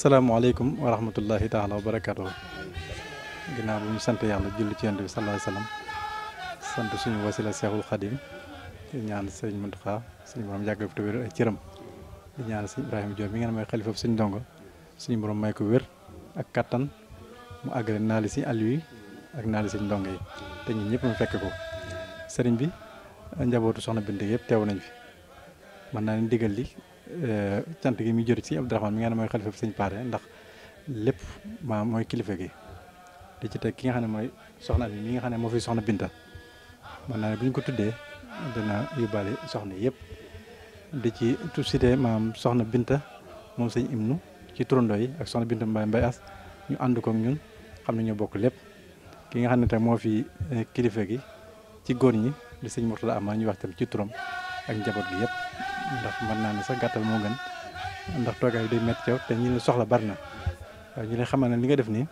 asalaamaaleykum wa rahmatullahi taala wabarakatuh gina bu bi ñu sant yàlla julli ci yonent sallallahu alayhi wasallam sante suñu wasila cheikhul khadim di ñaan sëñ Muntaxa suñu borom jagg fi te wér ay cëram di ñaan sëñ ibrahim Diop mi nga may khalifa suñu dongo suñu borom may ko wër ak katan mu àggale naali ci alwi ak naali si dongay te ñun ñepp mu fekk ko sëriñ bi njabootu soxna Binte yëpp teew nañ fi man na ni digal li Euh, cant gi muy jëriñ si Abdourahmane mi nga xam ne mooy xalifa bi sëñ Paate ndax lépp maam mooy kilifa gi di ci te ki nga xam ne mooy soxna yi mi nga xam ne moo fi soxna Binta mën naa ne bu ko tuddee dana soxna yëpp di ci tout cité soxna Binta moom ci turandoo yi ak soxna Binta Mbaye Mbaye As ñu ànd koog ñun xam ne ñoo bokk lépp ki nga xam ne tam moo fi eh, kilifa gi ci góor ñi di sëñ Mourtala Ama ñu wax tam ci turam ak njaboot gi yëpp. ndax man naa ne sax gàttal moo gën ndax toogaay day métti caw te ñi la soxla bari na ñu lay xamal ne li nga def nii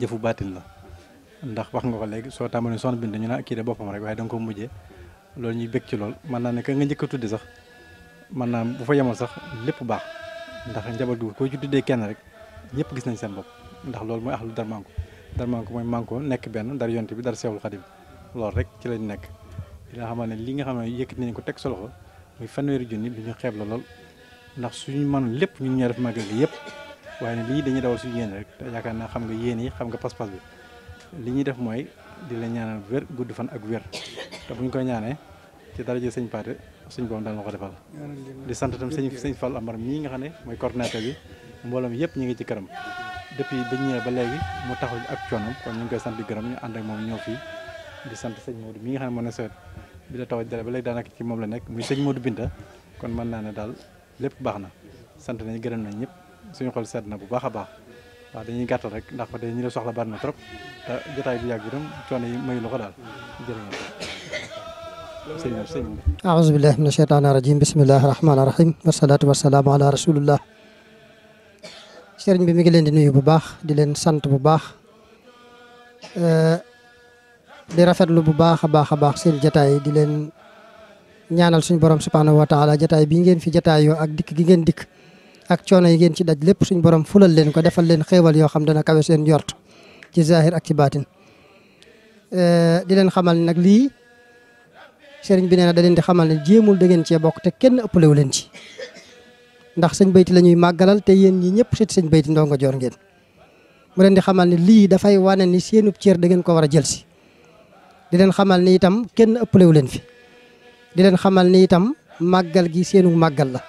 jëfu baatin la ndax wax nga ko léegi soo tàmbalee soxna bind ñu ne kii de boppam rek waaye da nga ko mujjee loolu ñuy bég ci lool man naa ne ka nga njëkk a tudde sax man naa bu fa yemoon sax lépp baax ndax njaboot gu koo ci tuddee kenn rek ñëpp gis nañ seen bopp ndax loolu mooy axlu dar manko dar manko mooy manko nekk benn dar yonte bi dar seewul xadim loolu rek ci lañ nekk li nga xam ne li nga xam ne yëkkati nañ ko teg sa loxo muy fanweeri junni lu ñu xeeb la lool ndax suñu man lépp ñun ñoo def magal yépp yëpp waaye lii dañuy dawal suñu yéen rek te yaakaar naa xam nga yéen yi xam nga pas-pas bi li ñuy def mooy di la ñaanal wér gudd fan ak wér te buñ koy ñaanee ci daraje sëñ Paate suñ boom dal na ko defal di sant tam sëñ sëñ Fall Amar mii nga xam ne mooy coordinateur bi mbooloom yëpp ñu ngi ci këram depuis ba ñëwee ba léegi mu taxaw ak coonam kon ñu ngi koy sant di gërëm ñu ànd ak moom ñëw fii di sant sëñ Modou mi nga xam ne moo ne bi la taw a ba lay danaka ci mom la nek muy seigne Modou Binta kon man na na dal lepp baxna na sant nañu gërëm nañu ñep suñu xol sedd na bu baax a baax waaw dañuy gàttal rek ndax fa tey ñu la soxla ban na trop ta jotaay bi yàgg yi ko أعوذ بالله من الشيطان الرجيم rajim الله الرحمن الرحيم والصلاة والسلام على رسول الله سيرن بي ميغي لين di nuyu بو باخ di لين سانت bu باخ di rafet lu bu baax a baax a baax seen jataay di leen ñaanal suñu borom subhaanahu wa taala jataay bii ngeen fi jataayoo ak dikk gi ngeen dikk ak coono yi ngeen ci daj lépp suñu borom fulal leen ko defal leen xéewal yoo xam dana kawe seen yort ci zahir ak ci baatin eh, di leen xamal nag lii sëriñ bi nee da leen di xamal ne jéemul da ngeen cee bokk te kenn ëppalewu leen ci ndax sëñ bayti la ñuy màggalal te yéen ñi ñëpp set sëñ bayti ndongo joor ngeen mu leen di xamal ne lii dafay wane ni seenub cër da ngeen ko war a jël si di len xamal ni itam kenn ëppalewu leen fi di len xamal ni itam magal gi senu magal la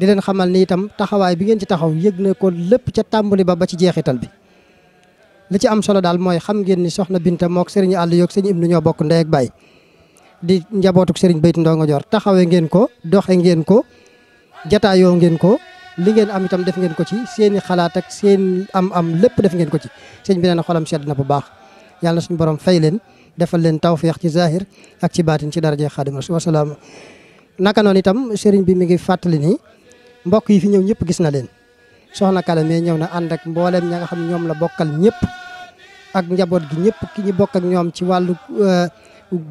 di len xamal ni itam taxaway bi ngeen ci taxaw yëg ko lepp ci tàmbali ba ba ci jeexital bi li ci am solo dal moy xam ngeen ni soxna Binta mok serigne àll yok serigne Ibnu ñoo bok ndey ak bay di njabotuk serigne beyt Ndongo jor taxawee ngeen ko doxe ngeen ko yo ngeen ko li ngeen am itam def ngeen ko ci seeni xalaat ak seen am am lepp def ngeen ko ci serigne bi na xolam sedd na bu baax yalla suñu borom fay leen defal len tawfiq ci zahir ak ci batin ci daraja khadim rasul sallam naka non itam serigne bi mi ngi fatali ni mbok yi fi ñew ñep gis na len soxna Kala me ñew na and ak mbolem ña nga xam ñom la bokal ñep ak njabot gi ñep ki ñi bok ak ñom ci walu euh,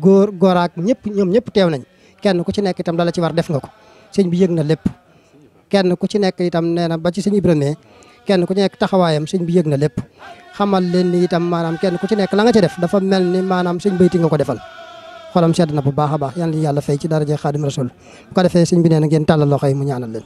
gor gorak ñep ñom ñep tew nañ kenn ku ci nekk itam dala ci war def nga ko bi yëg na lepp kenn ku ci nekk itam neena ba ci serigne ibrahim kenn ku ci nekk taxawayam serigne bi yëg na lepp xamal leen ni itam maanaam kenn ku ci nekk la nga ca def dafa mel ni maanaam sëñ bayti nga ko defal xolam sedd na bu baax a baax yal na yàlla fay ci daraja Xaadim Rasul bu ko defee sëñ bi nee na ngeen tàllal loxo yi mu ñaanal leen